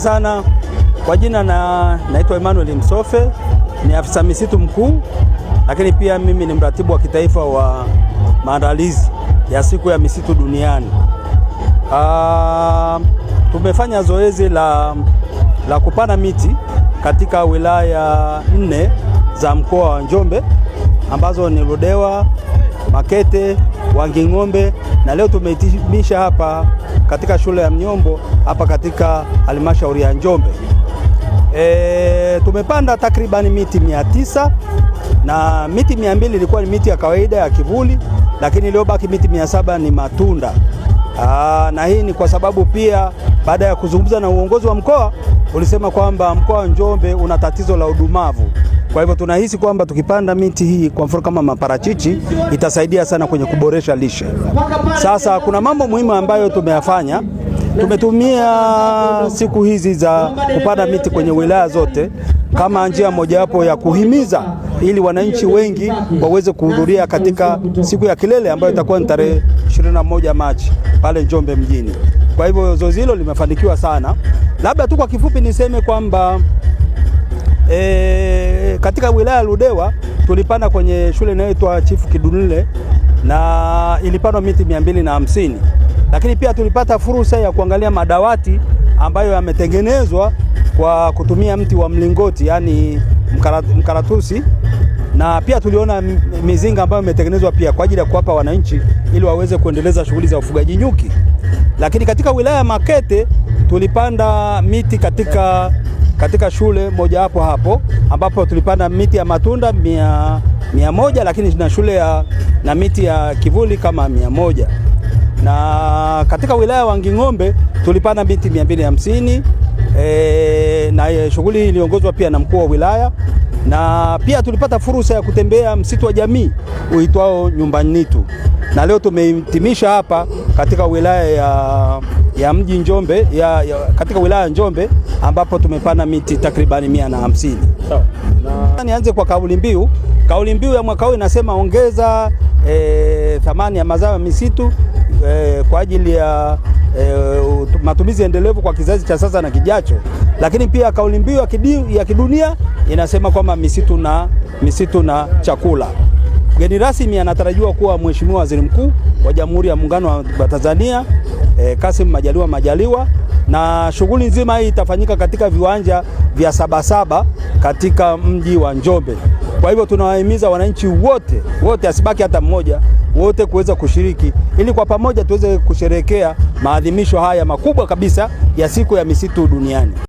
sana kwa jina na naitwa Emmanuel Msofe, ni afisa misitu mkuu, lakini pia mimi ni mratibu wa kitaifa wa maandalizi ya siku ya misitu duniani. Aa, ah, tumefanya zoezi la, la kupanda miti katika wilaya nne za mkoa wa Njombe ambazo ni Ludewa, Makete, Wanging'ombe na leo tumehitimisha hapa katika shule ya Mnyombo hapa katika halmashauri ya Njombe. E, tumepanda takribani miti mia tisa na miti mia mbili ilikuwa ni miti ya kawaida ya kivuli, lakini iliyobaki miti mia saba ni matunda. Aa, na hii ni kwa sababu pia baada ya kuzungumza na uongozi wa mkoa ulisema kwamba mkoa wa Njombe una tatizo la udumavu. Kwa hivyo tunahisi kwamba tukipanda miti hii, kwa mfano kama maparachichi, itasaidia sana kwenye kuboresha lishe. Sasa kuna mambo muhimu ambayo tumeyafanya tumetumia siku hizi za kupanda miti kwenye wilaya zote kama njia mojawapo ya kuhimiza ili wananchi wengi waweze kuhudhuria katika siku ya kilele ambayo itakuwa ni tarehe 21 Machi pale Njombe mjini. Kwa hivyo zoezi hilo limefanikiwa sana. Labda tu kwa kifupi niseme kwamba e, katika wilaya ya Ludewa tulipanda kwenye shule inayoitwa Chifu Kidunile na ilipandwa miti mia mbili na hamsini, lakini pia tulipata fursa ya kuangalia madawati ambayo yametengenezwa kwa kutumia mti wa mlingoti yaani mkarat, mkaratusi na pia tuliona mizinga ambayo imetengenezwa pia kwa ajili ya kuwapa wananchi ili waweze kuendeleza shughuli za ufugaji nyuki. Lakini katika wilaya ya Makete tulipanda miti katika katika shule moja hapo ambapo tulipanda miti ya matunda mia, mia moja lakini na shule ya, na miti ya kivuli kama mia moja na katika wilaya Wanging'ombe tulipanda miti mia mbili hamsini e, na shughuli hii iliongozwa pia na mkuu wa wilaya na pia tulipata fursa ya kutembea msitu wa jamii uitwao Nyumbanitu na leo tumehitimisha hapa katika wilaya ya ya mji Njombe ya, ya, katika wilaya ya Njombe ambapo tumepanda miti takribani mia na hamsini. Sawa. Na nianze kwa kauli mbiu. Kauli mbiu ya mwaka huu inasema ongeza e, thamani ya mazao ya misitu e, kwa ajili ya e, matumizi endelevu kwa kizazi cha sasa na kijacho. Lakini pia kauli mbiu ya, ya kidunia inasema kwamba misitu na, misitu na chakula. Mgeni rasmi anatarajiwa kuwa Mheshimiwa Waziri Mkuu wa Jamhuri ya Muungano wa Tanzania e, Kasim Majaliwa Majaliwa, na shughuli nzima hii itafanyika katika viwanja vya Sabasaba katika mji wa Njombe. Kwa hivyo tunawahimiza wananchi wote wote, asibaki hata mmoja, wote kuweza kushiriki ili kwa pamoja tuweze kusherekea maadhimisho haya makubwa kabisa ya siku ya misitu duniani.